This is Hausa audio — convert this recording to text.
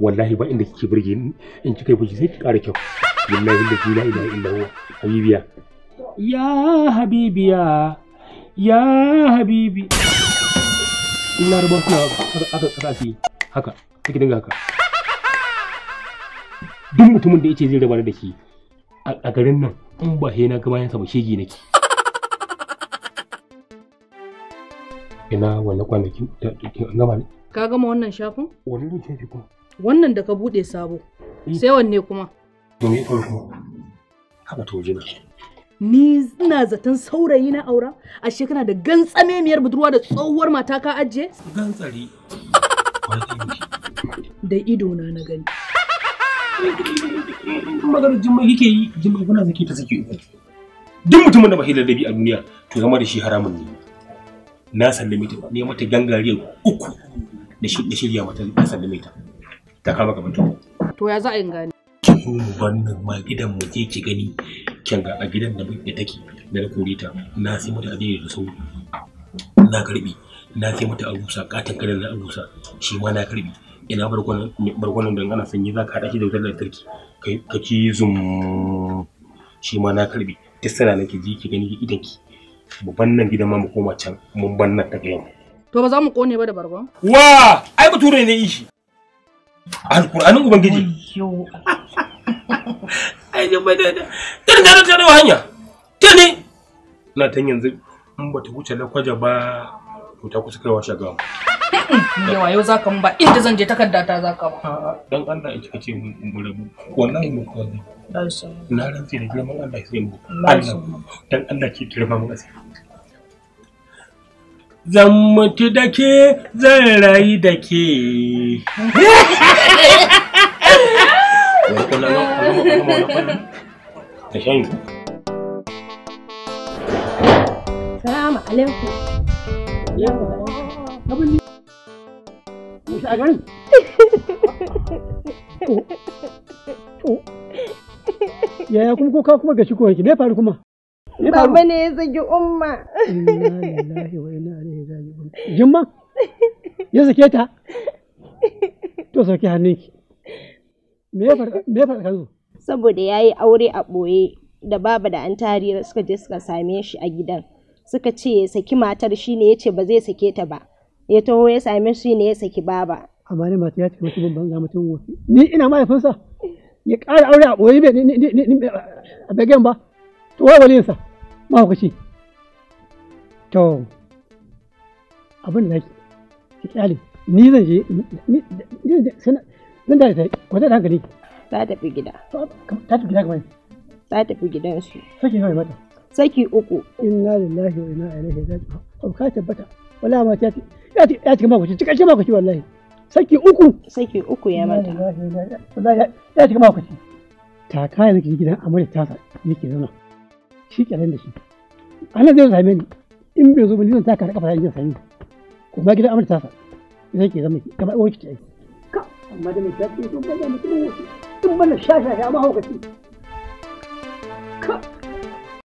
wallahi ba inda kike burge ni in kika yi fushi sai ki ƙara kyau billahi la ilaha illa huwa habibiya ya habibiya ya habibi ina ruba suna aka tsaka shi haka kike dinga haka duk mutumin da yace zai raba da ke a garin nan in ba he na ga bayan sa ba shege nake ina wannan kwanakin an gama ne Ka gama wannan shafin? Wani ne ce kuma? Wannan da ka buɗe sabo. Eh. Sai wanne kuma? Domin farko. Haka to jina. Ni ina zaton saurayi na aura, a shekara da miyar budurwa da tsohuwar mata ka ajiye? Gantsari. Da ido na na gani. Maganar jimma kike yi, jimma kuna zaki ta zaki uku. Duk mutumin da ba shi da dabi a duniya, to zama da shi haramun ne. Na sallame ta, ne mata gangariyar uku. da shirya wata an mai ta ta kama kamar ta to ya za a yi gani ki zo mu wannan ma gidan mu je ki gani kin ga a gidan da muke take da kore ta na sai mata abin da sau na karbi na sai mata abusa katin kada na abusa shi ma na karbi ina barkwanan barkwanan dan ana sanyi zaka hada shi da wutar lantarki kai kake zum shi ma na karbi duk nake ji ki gani idan ki mu bannan gidan ma mu koma can mun bannan ta ga yau To ba za mu kone ba da bargon? Wa! Ai bature ne ishi. Alƙur'anin Ubangiji. Ai ne ba da da. Tun da ta dawo hanya. Tuni. Ina tan yanzu in ba ta wuce lakwaja ba to ta kusa kaiwa shaga. Yawa yau za ka mu ba inda zan je takarda ta za ka ba. Dan Allah in kika ce mu rabu. Wannan mu kawai. Na rantsi da girman Allah sai mu. Allah. Dan Allah ki girman Allah. zan mutu da ke zan rayu da ke Yaya kuma kuka kuma ga shi ki me faru kuma? Baba ne ya zagi umma. Jimman ya sake ta? To sauke hannunki. Me ya faɗa ka zo? Saboda ya yi aure a ɓoye da baba da an tarira suka je suka same shi a gidan. Suka ce ya saki matar shi ne ya ce ba zai sake ta ba. Ya taho ya same shi ne ya saki baba. Amma ne mata ya ce ban ga mutum wofi. Ni ina mahaifinsa. Ya ƙara aure a ɓoye bai a bagen ba. To wai walinsa. mahaukaci to abin da ki kyale ni zan je zan da ta kwata da hankali ta tafi gida ta tafi gida kamar ta tafi gidan su saki nawa mata saki uku inna lillahi wa inna ilaihi raji'un ka tabbata wala ma ta ya cika mahaukaci cika ce mahaukaci wallahi saki uku saki uku ya mata wallahi ya kamar mahaukaci ta kayan gidan amurka ta sa nake zama shi kenan da shi ana zai same ni in bai zo miliyan ta zan taka da kafa ko same ni gidan amurta sa zai ke zama kamar uwar ki ce ka amma da mai shafi sun bada mutum wasu sun bada shashasha ma haukaci